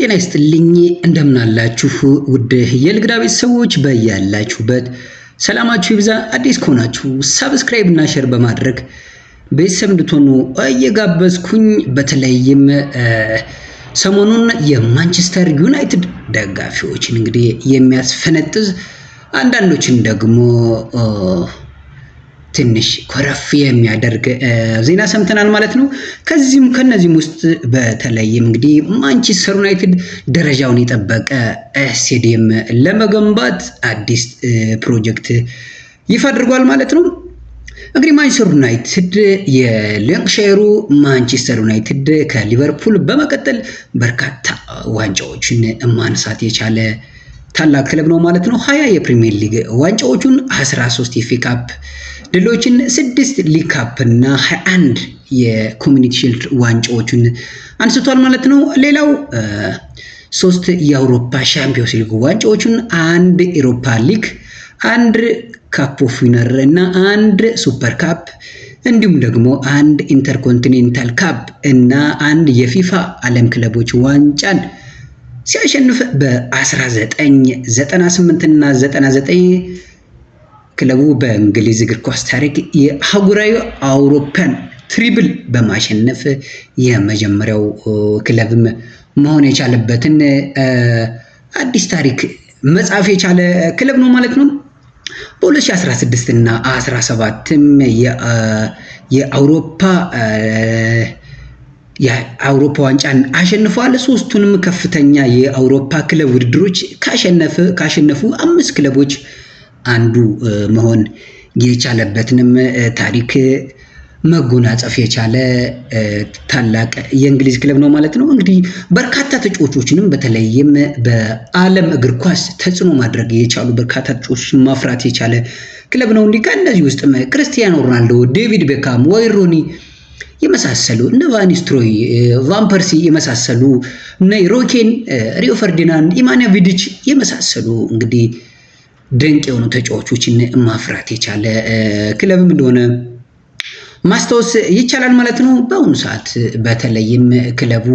ጤና ይስጥልኝ እንደምናላችሁ ውድ የልግዳ ቤተሰቦች በያላችሁበት ሰላማችሁ ይብዛ። አዲስ ከሆናችሁ ሰብስክራይብ እና ሼር በማድረግ ቤተሰብ እንድትሆኑ እየጋበዝኩኝ በተለይም ሰሞኑን የማንቸስተር ዩናይትድ ደጋፊዎችን እንግዲህ የሚያስፈነጥዝ አንዳንዶችን ደግሞ ትንሽ ኮረፍ የሚያደርግ ዜና ሰምተናል ማለት ነው። ከዚህም ከነዚህም ውስጥ በተለይም እንግዲህ ማንቸስተር ዩናይትድ ደረጃውን የጠበቀ ስቴዲየም ለመገንባት አዲስ ፕሮጀክት ይፋ አድርጓል ማለት ነው። እንግዲህ ማንቸስተር ዩናይትድ የላንካሻየሩ ማንቸስተር ዩናይትድ ከሊቨርፑል በመቀጠል በርካታ ዋንጫዎችን ማንሳት የቻለ ታላቅ ክለብ ነው ማለት ነው። ሀያ የፕሪሚየር ሊግ ዋንጫዎቹን 13 የኤፍኤ ካፕ ድሎችን ስድስት ሊካፕና 21 የኮሚኒቲ ሺልድ ዋንጫዎችን አንስቷል ማለት ነው። ሌላው ሶስት የአውሮፓ ሻምፒዮንስ ሊግ ዋንጫዎችን፣ አንድ ኤሮፓ ሊግ፣ አንድ ካፕ ኦፍ ዊነር እና አንድ ሱፐር ካፕ እንዲሁም ደግሞ አንድ ኢንተርኮንቲኔንታል ካፕ እና አንድ የፊፋ ዓለም ክለቦች ዋንጫን ሲያሸንፍ በ1998 እና 99 ክለቡ በእንግሊዝ እግር ኳስ ታሪክ የአህጉራዊ አውሮፓን ትሪብል በማሸነፍ የመጀመሪያው ክለብም መሆን የቻለበትን አዲስ ታሪክ መጻፍ የቻለ ክለብ ነው ማለት ነው። በ2016 እና 17ም የአውሮፓ የአውሮፓ ዋንጫን አሸንፏል። ሶስቱንም ከፍተኛ የአውሮፓ ክለብ ውድድሮች ካሸነፉ አምስት ክለቦች አንዱ መሆን የቻለበትንም ታሪክ መጎናጸፍ የቻለ ታላቅ የእንግሊዝ ክለብ ነው ማለት ነው። እንግዲህ በርካታ ተጫዋቾችንም በተለይም በዓለም እግር ኳስ ተጽዕኖ ማድረግ የቻሉ በርካታ ተጫዋቾችን ማፍራት የቻለ ክለብ ነው። እንዲህ ከእነዚህ ውስጥም ክርስቲያኖ ሮናልዶ፣ ዴቪድ ቤካም፣ ዋይን ሮኒ የመሳሰሉ እነ ቫኒስትሮይ፣ ቫምፐርሲ የመሳሰሉ እነ ሮኬን፣ ሪዮ ፈርዲናንድ፣ ኢማንያ ቪድች የመሳሰሉ እንግዲህ ድንቅ የሆኑ ተጫዋቾችን ማፍራት የቻለ ክለብም እንደሆነ ማስታወስ ይቻላል ማለት ነው። በአሁኑ ሰዓት በተለይም ክለቡ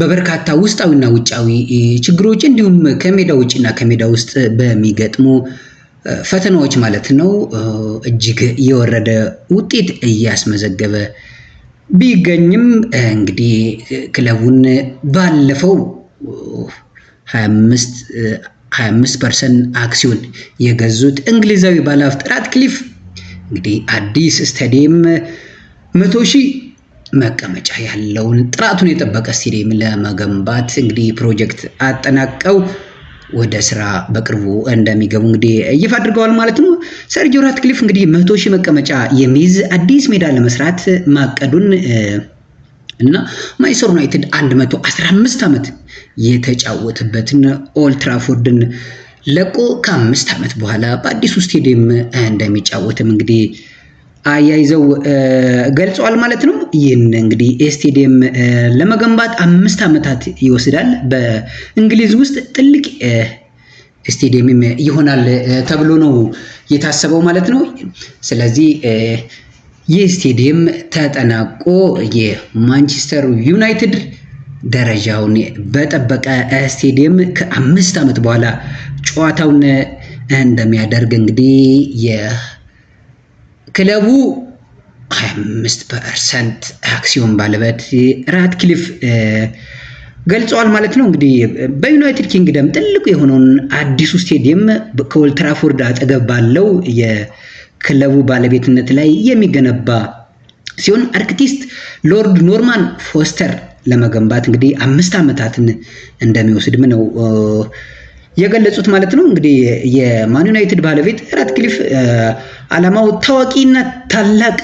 በበርካታ ውስጣዊና ውጫዊ ችግሮች እንዲሁም ከሜዳ ውጭና ከሜዳ ውስጥ በሚገጥሙ ፈተናዎች ማለት ነው እጅግ የወረደ ውጤት እያስመዘገበ ቢገኝም እንግዲህ ክለቡን ባለፈው 25 25 ፐርሰንት አክሲዮን የገዙት እንግሊዛዊ ባለሀብት ራትክሊፍ እንግዲህ አዲስ ስታዲየም መቶ ሺህ መቀመጫ ያለውን ጥራቱን የጠበቀ ስታዲየም ለመገንባት እንግዲህ ፕሮጀክት አጠናቀው ወደ ስራ በቅርቡ እንደሚገቡ እንግዲህ ይፋ አድርገዋል ማለት ነው። ሰርጂዮ ራትክሊፍ እንግዲህ መቶ ሺህ መቀመጫ የሚይዝ አዲስ ሜዳ ለመስራት ማቀዱን እና ማንቸስተር ዩናይትድ 115 ዓመት የተጫወተበትን ኦልትራፎርድን ትራፎርድን ለቆ ከአምስት ዓመት በኋላ በአዲሱ ስቴዲየም እንደሚጫወትም እንግዲህ አያይዘው ገልጸዋል ማለት ነው። ይህን እንግዲህ ስቴዲየም ለመገንባት አምስት ዓመታት ይወስዳል። በእንግሊዝ ውስጥ ትልቅ ስቴዲየም ይሆናል ተብሎ ነው የታሰበው ማለት ነው። ስለዚህ ይህ ስቴዲየም ተጠናቆ የማንቸስተር ዩናይትድ ደረጃውን በጠበቀ ስቴዲየም ከአምስት ዓመት በኋላ ጨዋታውን እንደሚያደርግ እንግዲህ የክለቡ 25 ፐርሰንት አክሲዮን ባለቤት ራትክሊፍ ገልጸዋል ማለት ነው። እንግዲህ በዩናይትድ ኪንግደም ትልቁ የሆነውን አዲሱ ስቴዲየም ከኦልትራፎርድ አጠገብ ባለው ክለቡ ባለቤትነት ላይ የሚገነባ ሲሆን አርክቲስት ሎርድ ኖርማን ፎስተር ለመገንባት እንግዲህ አምስት ዓመታትን እንደሚወስድም ነው የገለጹት ማለት ነው። እንግዲህ የማን ዩናይትድ ባለቤት ራትክሊፍ ዓላማው ታዋቂና ታላቅ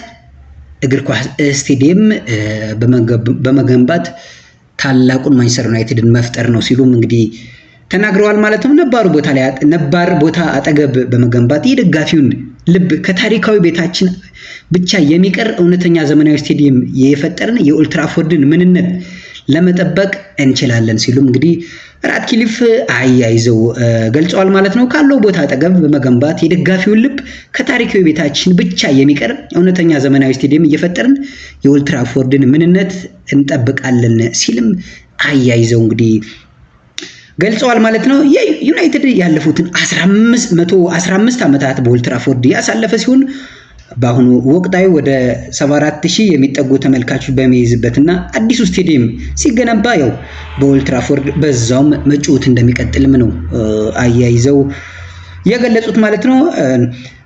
እግር ኳስ ስቴዲየም በመገንባት ታላቁን ማንቸስተር ዩናይትድን መፍጠር ነው ሲሉም እንግዲህ ተናግረዋል ማለት ነው። ነባሩ ቦታ ላይ ነባር ቦታ አጠገብ በመገንባት የደጋፊውን ልብ ከታሪካዊ ቤታችን ብቻ የሚቀር እውነተኛ ዘመናዊ ስቴዲየም የፈጠርን የኦልትራፎርድን ምንነት ለመጠበቅ እንችላለን ሲሉም እንግዲህ ራትክሊፍ አያይዘው ገልጸዋል ማለት ነው። ካለው ቦታ አጠገብ በመገንባት የደጋፊውን ልብ ከታሪካዊ ቤታችን ብቻ የሚቀር እውነተኛ ዘመናዊ ስቴዲየም እየፈጠርን የኦልትራፎርድን ምንነት እንጠብቃለን ሲልም አያይዘው እንግዲህ ገልጸዋል ማለት ነው። ዩናይትድ ያለፉትን 15 ዓመታት በኦልትራፎርድ ያሳለፈ ሲሆን በአሁኑ ወቅታዊ ወደ 74000 የሚጠጉ ተመልካቾች በሚይዝበትና አዲሱ ስቴዲየም ሲገነባ ያው በኦልትራፎርድ በዛውም መጫወት እንደሚቀጥልም ነው አያይዘው የገለጹት ማለት ነው።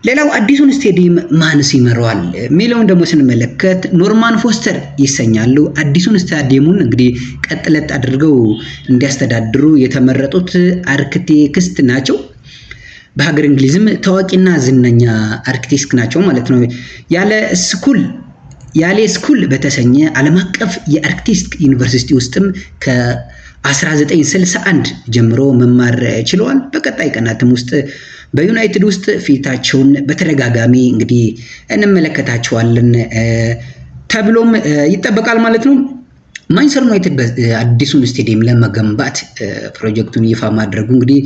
ሌላው አዲሱን ስቴዲየም ማን ይመራዋል የሚለውን ደግሞ ስንመለከት ኖርማን ፎስተር ይሰኛሉ። አዲሱን ስታዲየሙን እንግዲህ ቀጥለጥ አድርገው እንዲያስተዳድሩ የተመረጡት አርክቴክስት ናቸው። በሀገር እንግሊዝም ታዋቂና ዝነኛ አርክቴክት ናቸው ማለት ነው። ያለ ስኩል ያሌ ስኩል በተሰኘ ዓለም አቀፍ የአርክቴክት ዩኒቨርሲቲ ውስጥም ከ 1961 ጀምሮ መማር ችለዋል። በቀጣይ ቀናትም ውስጥ በዩናይትድ ውስጥ ፊታቸውን በተደጋጋሚ እንግዲህ እንመለከታቸዋለን ተብሎም ይጠበቃል ማለት ነው። ማንቸስተር ዩናይትድ አዲሱን ስቴዲየም ለመገንባት ፕሮጀክቱን ይፋ ማድረጉ እንግዲህ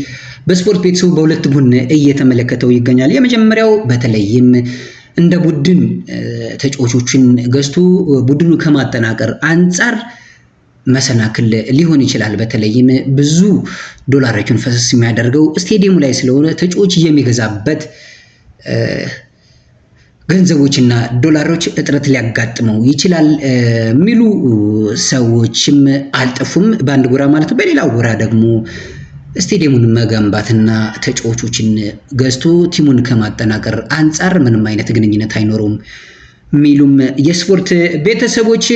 በስፖርት ቤተሰቡ በሁለት ቡድን እየተመለከተው ይገኛል። የመጀመሪያው በተለይም እንደ ቡድን ተጫዋቾችን ገዝቶ ቡድኑ ከማጠናቀር አንጻር መሰናክል ሊሆን ይችላል። በተለይም ብዙ ዶላሮችን ፈሰስ የሚያደርገው ስቴዲየሙ ላይ ስለሆነ ተጫዋች የሚገዛበት ገንዘቦችና ዶላሮች እጥረት ሊያጋጥመው ይችላል የሚሉ ሰዎችም አልጠፉም። በአንድ ጎራ ማለት ነው። በሌላ ጎራ ደግሞ ስቴዲየሙን መገንባትና ተጫዋቾችን ገዝቶ ቲሙን ከማጠናቀር አንጻር ምንም አይነት ግንኙነት አይኖረውም። ሚሉም የስፖርት ቤተሰቦች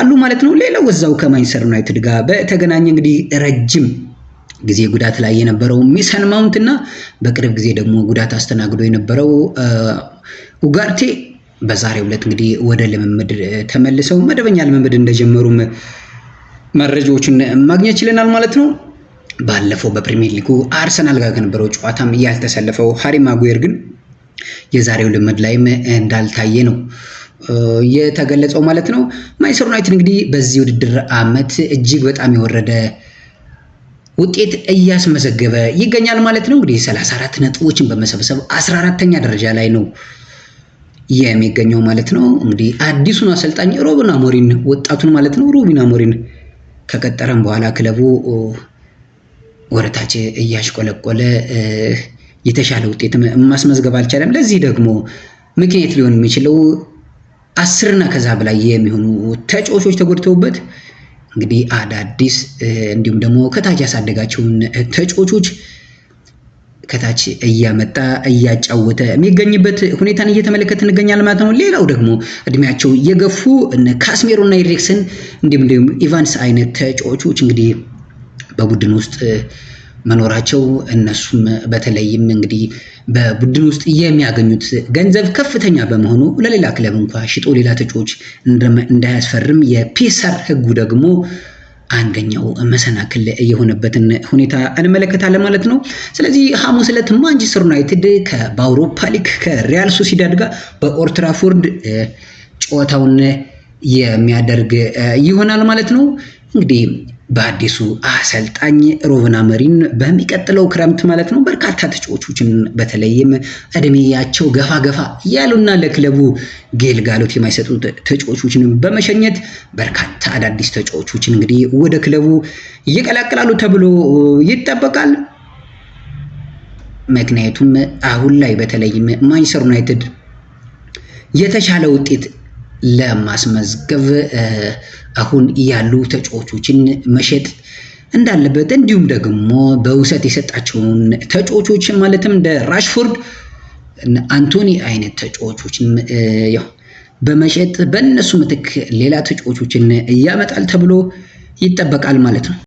አሉ ማለት ነው። ሌላው እዛው ከማንችስተር ዩናይትድ ጋር በተገናኘ እንግዲህ ረጅም ጊዜ ጉዳት ላይ የነበረው ሚሰን ማውንት እና በቅርብ ጊዜ ደግሞ ጉዳት አስተናግዶ የነበረው ኡጋርቴ በዛሬው ዕለት እንግዲህ ወደ ልምምድ ተመልሰው መደበኛ ልምምድ እንደጀመሩም መረጃዎችን ማግኘት ችለናል ማለት ነው። ባለፈው በፕሪሚየር ሊጉ አርሰናል ጋር ከነበረው ጨዋታም ያልተሰለፈው ሃሪ ማጉየር ግን የዛሬው ልምምድ ላይም እንዳልታየ ነው የተገለጸው ማለት ነው። ማንቸስተር ዩናይትድ እንግዲህ በዚህ ውድድር ዓመት እጅግ በጣም የወረደ ውጤት እያስመዘገበ ይገኛል ማለት ነው። እንግዲህ 34 ነጥቦችን በመሰብሰብ 14ተኛ ደረጃ ላይ ነው የሚገኘው ማለት ነው። እንግዲህ አዲሱን አሰልጣኝ ሮብን አሞሪን ወጣቱን ማለት ነው ሮቢን አሞሪን ከቀጠረም በኋላ ክለቡ ወረታች እያሽቆለቆለ የተሻለ ውጤት ማስመዝገብ አልቻለም። ለዚህ ደግሞ ምክንያት ሊሆን የሚችለው አስርና ከዛ በላይ የሚሆኑ ተጫዋቾች ተጎድተውበት እንግዲህ አዳዲስ እንዲሁም ደግሞ ከታች ያሳደጋቸውን ተጫዋቾች ከታች እያመጣ እያጫወተ የሚገኝበት ሁኔታን እየተመለከት እንገኛለን ማለት ነው። ሌላው ደግሞ እድሜያቸው የገፉ እና ኤሪክሰን እንዲሁም ኢቫንስ አይነት ተጫዋቾች እንግዲህ በቡድን ውስጥ መኖራቸው እነሱም በተለይም እንግዲህ በቡድን ውስጥ የሚያገኙት ገንዘብ ከፍተኛ በመሆኑ ለሌላ ክለብ እንኳ ሽጦ ሌላ ተጫዎች እንዳያስፈርም የፒሰር ህጉ ደግሞ አንደኛው መሰናክል የሆነበትን ሁኔታ እንመለከታለን ማለት ነው። ስለዚህ ሐሙስ ዕለት ማንቸስተር ዩናይትድ በአውሮፓ ሊግ ከሪያል ሶሲዳድ ጋር በኦርትራፎርድ ጨዋታውን የሚያደርግ ይሆናል ማለት ነው እንግዲህ በአዲሱ አሰልጣኝ ሩበን አሞሪም በሚቀጥለው ክረምት ማለት ነው በርካታ ተጫዋቾችን በተለይም እድሜያቸው ገፋ ገፋ ያሉና ለክለቡ ግልጋሎት የማይሰጡ ተጫዋቾችን በመሸኘት በርካታ አዳዲስ ተጫዋቾችን እንግዲህ ወደ ክለቡ ይቀላቅላሉ ተብሎ ይጠበቃል። ምክንያቱም አሁን ላይ በተለይም ማንቸስተር ዩናይትድ የተሻለ ውጤት ለማስመዝገብ አሁን ያሉ ተጫዋቾችን መሸጥ እንዳለበት እንዲሁም ደግሞ በውሰት የሰጣቸውን ተጫዋቾችን ማለትም እንደ ራሽፎርድ አንቶኒ አይነት ተጫዋቾችን ያው በመሸጥ በእነሱ ምትክ ሌላ ተጫዋቾችን እያመጣል ተብሎ ይጠበቃል ማለት ነው።